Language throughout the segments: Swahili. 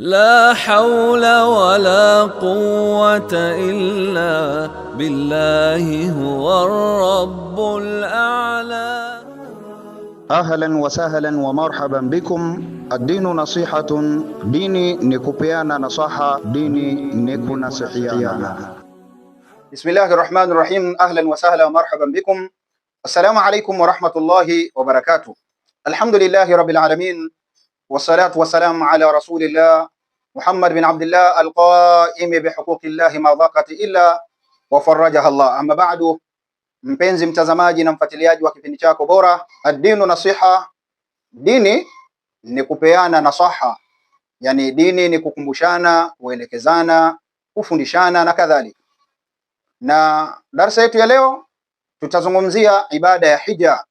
لا حول ولا قوة إلا بالله هو الرب الأعلى أهلا وسهلا ومرحبا بكم الدين نصيحة ديني نكوبيانا نصحة ديني نصحيانا بسم الله الرحمن الرحيم أهلا وسهلا ومرحبا بكم السلام عليكم ورحمة الله وبركاته الحمد لله رب العالمين wassalatu wassalamu ala rasulillah Muhammad bin Abdillah alqaimi bihuquqillahi ma dhaqat illa wafarajaha Allah. Amma ba'du, mpenzi mtazamaji na mfuatiliaji wa kipindi chako bora Ad-Dinu Nasiha, dini ni kupeana nasaha, yani dini ni kukumbushana, kuelekezana, kufundishana na kadhalika. Na darsa yetu ya leo tutazungumzia ibada ya hija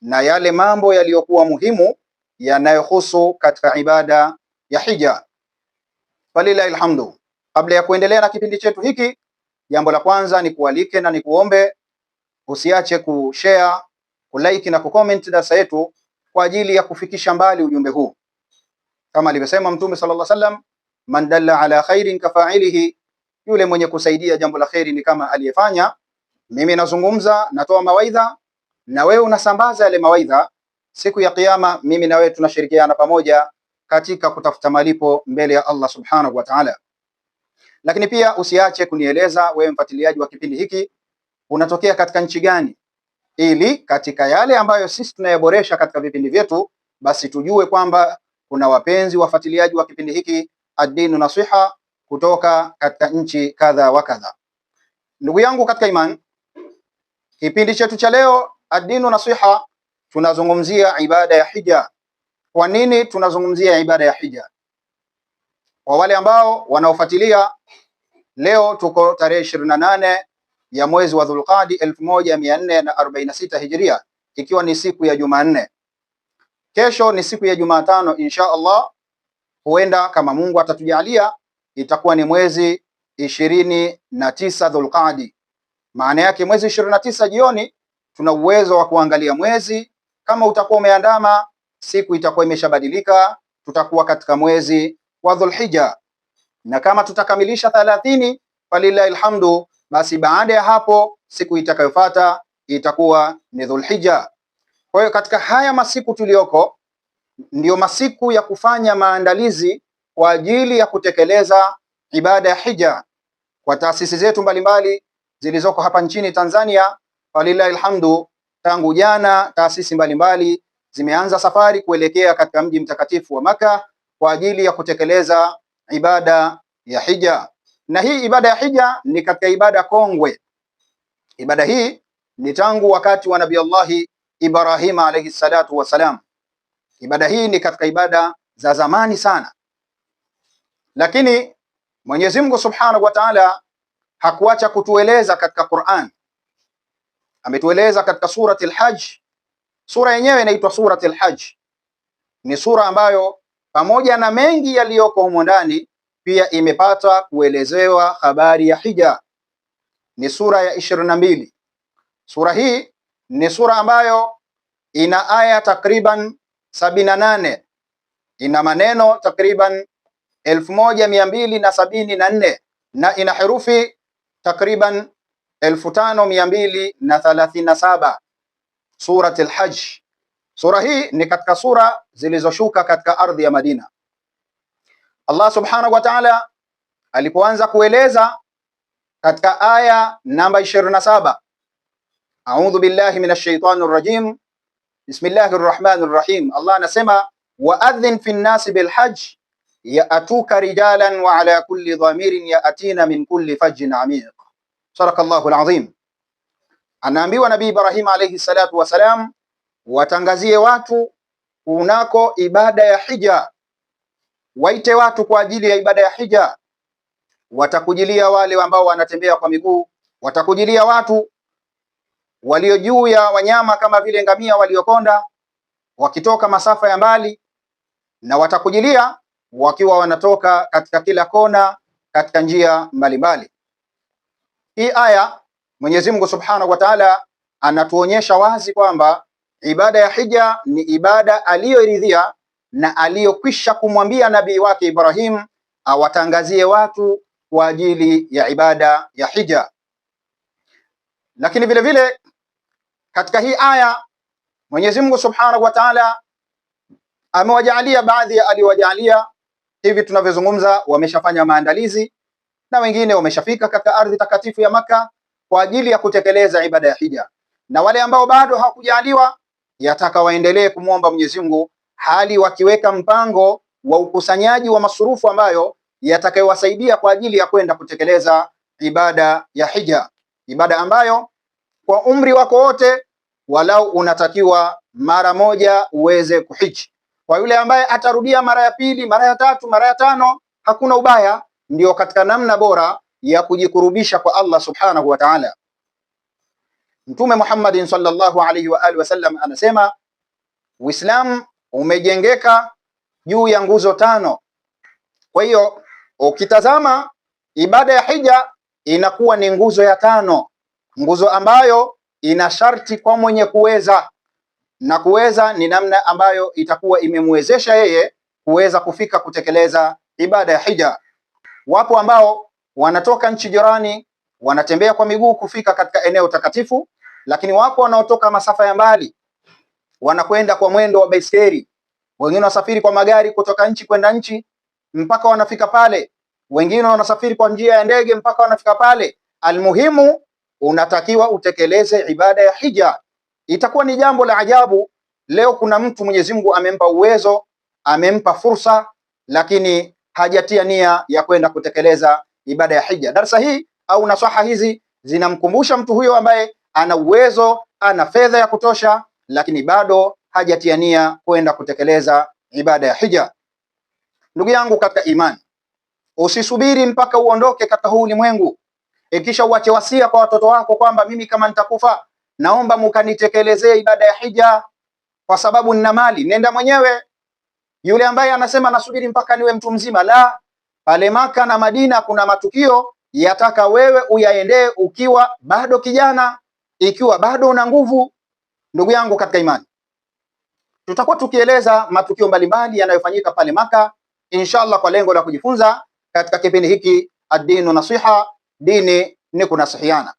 na yale mambo yaliyokuwa muhimu yanayohusu katika ibada ya hija. Walilahi alhamdu. Kabla ya kuendelea na kipindi chetu hiki, jambo la kwanza ni kualike na nikuombe usiache kushare, kulike na kucomment darasa yetu kwa ajili ya kufikisha mbali ujumbe huu, kama alivyosema Mtume sallallahu alaihi wasallam, man dalla ala khairin kafailihi, yule mwenye kusaidia jambo la khairi ni kama aliyefanya. Mimi nazungumza, natoa mawaidha, na wewe unasambaza yale mawaidha Siku ya Kiyama mimi na wewe tunashirikiana pamoja katika kutafuta malipo mbele ya Allah subhanahu wa ta'ala. Lakini pia usiache kunieleza wewe, mfuatiliaji wa kipindi hiki, unatokea katika nchi gani, ili katika yale ambayo sisi tunayaboresha katika vipindi vyetu, basi tujue kwamba kuna wapenzi wafuatiliaji wa kipindi hiki ad din Nasiha kutoka katika nchi kadha wa kadha. Ndugu yangu katika imani, kipindi chetu cha leo ad din Nasiha tunazungumzia ibada ya hija. Kwa nini tunazungumzia ibada ya hija? Kwa wale ambao wanaofuatilia, leo tuko tarehe ishirini na nane ya mwezi wa Dhulqadi elfu moja mia nne na arobaini na sita Hijria, ikiwa ni siku ya Jumanne. Kesho ni siku ya Jumatano, insha Allah, huenda kama Mungu atatujalia itakuwa ni mwezi ishirini na tisa Dhulqadi. Maana yake mwezi ishirini na tisa jioni tuna uwezo wa kuangalia mwezi kama utakuwa umeandama, siku itakuwa imeshabadilika, tutakuwa katika mwezi wa Dhulhija, na kama tutakamilisha thalathini falillahi alhamdu, basi baada ya hapo siku itakayofuata itakuwa ni Dhulhija. Kwa hiyo katika haya masiku tuliyoko ndiyo masiku ya kufanya maandalizi kwa ajili ya kutekeleza ibada ya hija kwa taasisi zetu mbalimbali zilizoko hapa nchini Tanzania. Walillahi alhamdu Tangu jana taasisi mbalimbali zimeanza safari kuelekea katika mji mtakatifu wa Maka kwa ajili ya kutekeleza ibada ya hija, na hii ibada ya hija ni katika ibada kongwe. Ibada hii ni tangu wakati wa Nabii Allahi Ibrahima alayhi salatu wassalam. Ibada hii ni katika ibada za zamani sana, lakini Mwenyezi Mungu Subhanahu wa Ta'ala hakuacha kutueleza katika Qur'an ametueleza katika surati al-Hajj. Sura yenyewe inaitwa surati al-Hajj, ni sura ambayo pamoja na mengi yaliyoko humo ndani pia imepata kuelezewa habari ya hija. Ni sura ya ishirini na mbili. Sura hii ni sura ambayo ina aya takriban sabini na nane ina maneno takriban elfu moja mia mbili na sabini na nne na ina herufi takriban elfu tano mia mbili na thalathini na saba Surat al Sura hii ni katika sura zilizoshuka katika ardhi ya Madina. Allah subhanahu wa ta'ala alipoanza kueleza katika aya namba 27, a'udhu billahi minash shaitani rrajim bismillahir rahmanir rahim. Allah anasema waadhin fi nnasi bilhajj yaatuka rijalan wa ala kulli dhamirin yaatina min kulli fajjin amiq Sadaqallahu alazim. Anaambiwa Nabii Ibrahim alayhi salatu wasalam, watangazie watu kunako ibada ya hija, waite watu kwa ajili ya ibada ya hija. Watakujilia wale ambao wanatembea kwa miguu, watakujilia watu walio juu ya wanyama kama vile ngamia waliokonda wakitoka masafa ya mbali, na watakujilia wakiwa wanatoka katika kila kona katika njia mbalimbali. Hii aya Mwenyezi Mungu Subhanahu wa Ta'ala anatuonyesha wazi kwamba ibada ya hija ni ibada aliyoiridhia na aliyokwisha kumwambia nabii wake Ibrahim awatangazie watu kwa ajili ya ibada ya hija. Lakini vile vile katika hii aya Mwenyezi Mungu Subhanahu wa Ta'ala amewajalia baadhi ya aliyowajalia hivi tunavyozungumza, wameshafanya maandalizi na wengine wameshafika katika ardhi takatifu ya Maka kwa ajili ya kutekeleza ibada ya hija, na wale ambao bado hawakujaliwa yataka waendelee kumwomba Mwenyezi Mungu hali wakiweka mpango wa ukusanyaji wa masurufu ambayo yatakayowasaidia kwa ajili ya kwenda kutekeleza ibada ya hija, ibada ambayo kwa umri wako wote walau unatakiwa mara moja uweze kuhiji. Kwa yule ambaye atarudia mara ya pili, mara ya tatu, mara ya tano, hakuna ubaya ndio katika namna bora ya kujikurubisha kwa Allah subhanahu wa ta'ala. Mtume Muhammad sallallahu alaihi wa alihi wasallam anasema Uislamu umejengeka juu ya nguzo tano. Kwa hiyo ukitazama ibada ya hija inakuwa ni nguzo ya tano, nguzo ambayo ina sharti kwa mwenye kuweza, na kuweza ni namna ambayo itakuwa imemwezesha yeye kuweza kufika kutekeleza ibada ya hija. Wapo ambao wanatoka nchi jirani wanatembea kwa miguu kufika katika eneo takatifu, lakini wapo wanaotoka masafa ya mbali wanakwenda kwa mwendo wa baiskeli, wengine wanasafiri kwa magari kutoka nchi kwenda nchi mpaka wanafika pale, wengine wanasafiri kwa njia ya ndege mpaka wanafika pale. Almuhimu, unatakiwa utekeleze ibada ya hija. Itakuwa ni jambo la ajabu. Leo kuna mtu Mwenyezi Mungu amempa uwezo, amempa fursa, lakini hajatia nia ya kwenda kutekeleza ibada ya hija. Darsa hii au nasaha hizi zinamkumbusha mtu huyo ambaye ana uwezo, ana fedha ya kutosha, lakini bado hajatia nia kwenda kutekeleza ibada ya hija. Ndugu yangu katika imani, usisubiri mpaka uondoke katika huu ulimwengu ikisha uache wasia kwa watoto wako kwamba mimi kama nitakufa, naomba mukanitekelezee ibada ya hija, kwa sababu nina mali. Nenda mwenyewe yule ambaye anasema nasubiri mpaka niwe mtu mzima, la. Pale Maka na Madina kuna matukio yataka wewe uyaendee ukiwa bado kijana, ikiwa bado una nguvu. Ndugu yangu katika imani, tutakuwa tukieleza matukio mbalimbali yanayofanyika pale Maka inshallah, kwa lengo la kujifunza katika kipindi hiki adinu nasiha, dini ni kunasihiana.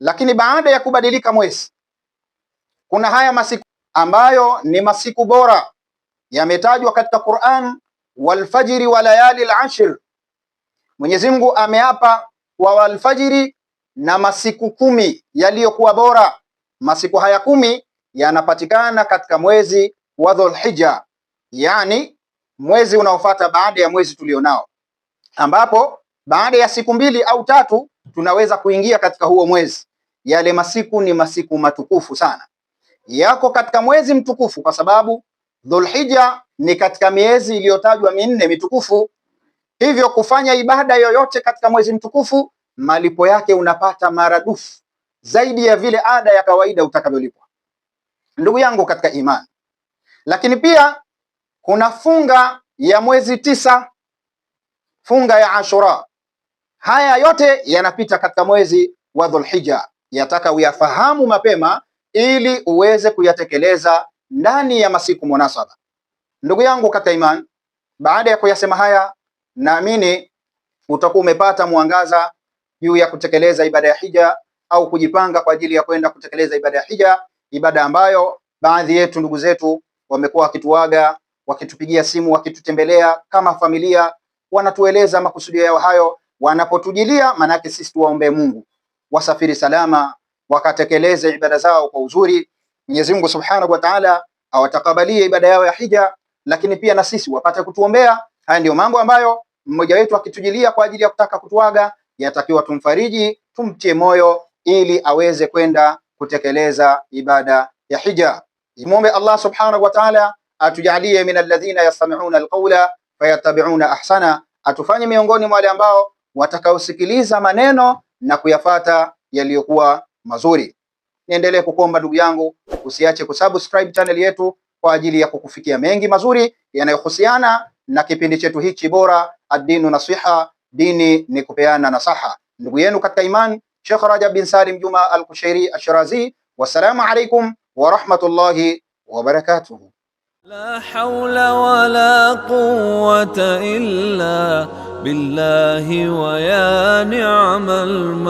Lakini baada ya kubadilika mwezi, kuna haya masiku ambayo ni masiku bora yametajwa katika Qur'an, walfajri wa layali al-ashr. Mwenyezi Mungu ameapa kwa walfajiri na masiku kumi yaliyokuwa bora. Masiku haya kumi yanapatikana katika mwezi wa Dhulhijja, yani mwezi unaofuata baada ya mwezi tulionao, ambapo baada ya siku mbili au tatu tunaweza kuingia katika huo mwezi. Yale masiku ni masiku matukufu sana, yako katika mwezi mtukufu, kwa sababu Dhulhija ni katika miezi iliyotajwa minne mitukufu, hivyo kufanya ibada yoyote katika mwezi mtukufu malipo yake unapata maradufu zaidi ya vile ada ya kawaida utakavyolipwa, ndugu yangu katika imani. Lakini pia kuna funga ya mwezi tisa, funga ya Ashura. Haya yote yanapita katika mwezi wa Dhulhija, yataka uyafahamu mapema ili uweze kuyatekeleza ndani ya masiku munasaba. Ndugu yangu katika imani, baada ya kuyasema haya, naamini utakuwa umepata mwangaza juu ya kutekeleza ibada ya hija au kujipanga kwa ajili ya kwenda kutekeleza ibada ya hija, ibada ambayo baadhi yetu ndugu zetu wamekuwa wakituaga, wakitupigia simu, wakitutembelea kama familia, wanatueleza makusudio yao hayo wanapotujilia maanake, sisi tuwaombee Mungu wasafiri salama, wakatekeleze ibada zao kwa uzuri. Mwenyezi Mungu Subhanahu wa Ta'ala awatakabalie ibada yao ya hija, lakini pia na sisi wapate kutuombea. Haya ndiyo mambo ambayo mmoja wetu akitujilia kwa ajili ya kutaka kutuaga, yatakiwa tumfariji, tumtie moyo ili aweze kwenda kutekeleza ibada ya hija. Muombe Allah Subhanahu wa Ta'ala atujalie min alladhina yastami'una alqawla fayatabi'una ahsana, atufanye miongoni mwa wale ambao watakaosikiliza maneno na kuyafata yaliyokuwa mazuri niendelee kukomba ndugu yangu, usiache kusubscribe channel yetu kwa ajili ya kukufikia mengi mazuri yanayohusiana na kipindi chetu hichi bora, addinu Nasiha, dini ni kupeana nasaha. Ndugu yenu katika imani Sheikh Rajab bin Salim Juma Al-Kushairi Ashirazi. Wassalamu alaikum wa rahmatullahi wa barakatuh. La hawla wa la quwwata illa billahi wa ya ni'mal